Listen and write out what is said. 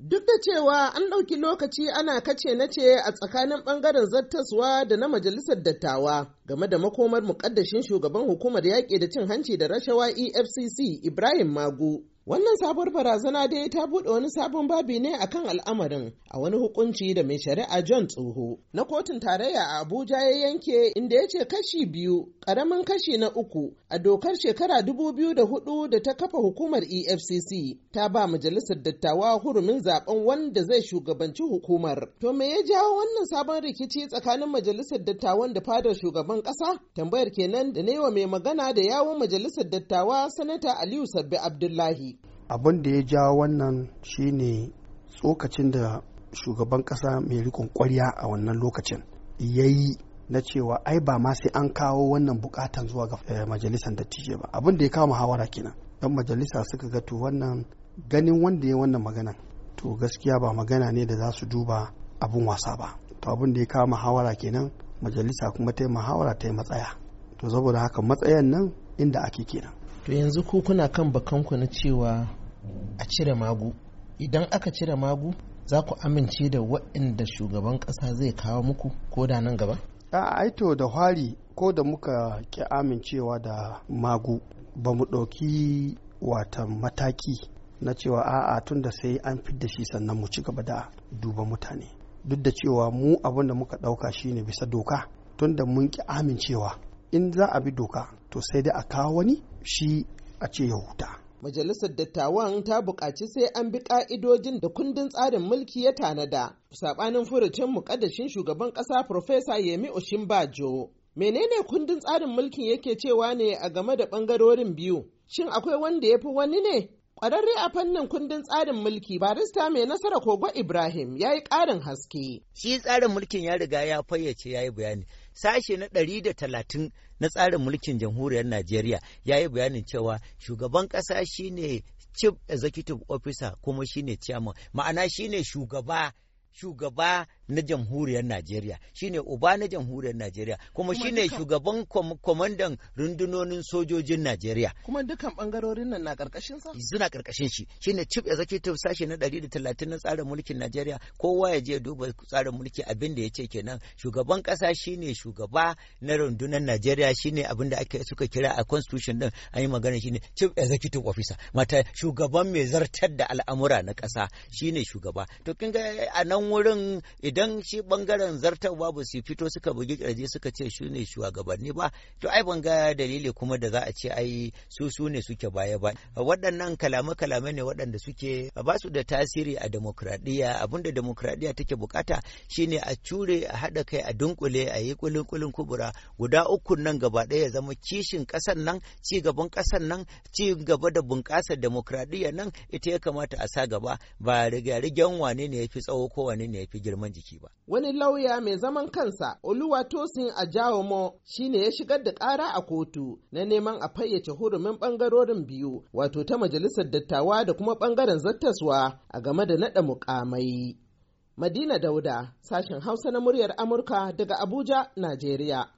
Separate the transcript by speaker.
Speaker 1: Duk da cewa an ɗauki lokaci ana kace na ce a tsakanin ɓangaren zattaswa da na majalisar dattawa game da makomar muƙaddashin shugaban hukumar yaƙi da cin hanci da rashawa EFCC Ibrahim Magu Wannan sabuwar barazana dai ta buɗe wani sabon babi ne kan al'amarin a wani hukunci da mai shari'a John Tsoho na kotun tarayya a Abuja ya yanke inda ya ce kashi biyu ƙaramin kashi na uku a dokar shekara dubu biyu da hudu da ta kafa hukumar EFCC ta ba majalisar dattawa hurumin zaben wanda zai shugabanci hukumar. To me ya jawo wannan sabon rikici tsakanin majalisar dattawan da fadar shugaban ƙasa? Tambayar kenan da ne wa mai magana da yawon majalisar dattawa sanata Aliyu Sabbi Abdullahi.
Speaker 2: abin da ya ja wannan shine tsokacin da shugaban kasa mai rikon kwarya a wannan lokacin ya yi na cewa ai ba ma sai an kawo wannan bukatan zuwa ga eh, majalisar dattijai ba abin da ya kawo muhawara kenan dan majalisa suka ga to wannan ganin wanda ya wannan magana to gaskiya ba magana ne da za su duba abin wasa ba to abin da ya kawo muhawara kenan majalisa kuma ta yi muhawara ta yi matsaya to saboda haka matsayan nan inda ake kenan
Speaker 1: to yanzu ku kuna kan bakanku na cewa a cire magu idan aka cire magu za ku amince da waɗanda shugaban ƙasa zai kawo muku ko da nan gaba
Speaker 2: a aito da hwari ko da muka ki amincewa da magu ba mu ɗauki wata mataki na cewa a'a tun da sai an fi da shi sannan mu ci gaba da duba mutane duk da cewa mu abin da muka ɗauka shine bisa doka tun da mun ki amincewa in za a bi doka to sai dai a kawo wani shi a ce ya huta
Speaker 1: Majalisar Dattawan ta buƙaci sai an bi ƙa'idojin da kundin tsarin mulki ya tanada. Saɓanin furucin muƙaddashin shugaban ƙasa Profesa Yemi Oshimbajo. Menene kundin tsarin mulkin yake cewa ne a game da ɓangarorin biyu? Shin akwai wanda ya fi wani ne? Ƙwararre a fannin kundin tsarin mulki barista mai
Speaker 3: nasara Kogo Ibrahim ya yi ƙarin haske. Shi tsarin mulkin ya riga ya fayyace ya yi bayani. sashe na ɗari da talatin na tsarin mulkin jamhuriyar Najeriya ya yi bayanin cewa shugaban ƙasa shine chief executive officer kuma shine chairman ma'ana shine shugaba shugaba na jamhuriyar Najeriya shine uba na jamhuriyar Najeriya kuma shine shugaban kwamandan rundunonin sojojin Najeriya
Speaker 1: kuma dukkan bangarorin nan na karkashin sa
Speaker 3: suna karkashin shi shine chief executive sashe na 130 na tsarin mulkin Najeriya kowa ya je duba tsarin mulki abin da yace kenan shugaban kasa shine shugaba na rundunar Najeriya shine abin da ake suka kira a constitution din an yi magana shine chief executive officer mata shugaban mai zartar da al'amura na kasa shine shugaba to kin ga a nan wurin idan shi bangaren zartarwa ba su fito suka bugi kirji suka ce su ne shugabanni ba to ai ban ga dalili kuma da za a ce ai su su ne suke baya ba waɗannan kalame kalame ne waɗanda suke ba su da tasiri a demokradiyya abinda demokradiyya take bukata shine a cure a haɗa kai a dunkule a yi kulin kulin kubura guda uku nan gaba ɗaya ya zama kishin ƙasan nan ci gaban ƙasan nan ci gaba da bunƙasar demokradiyya nan ita ya kamata a sa gaba ba riga-rigen wane ne ya fi tsawo ko wane ne ya fi girman jiki ba.
Speaker 1: Wani lauya mai zaman kansa Oluwatosin Ajaomo shi ne ya shigar da ƙara a kotu na neman a fayyace hurumin ɓangarorin biyu wato ta majalisar dattawa da kuma ɓangaren zattaswa a game da naɗa muƙamai. Madina Dauda, sashen Hausa na muryar Amurka daga Abuja, Najeriya.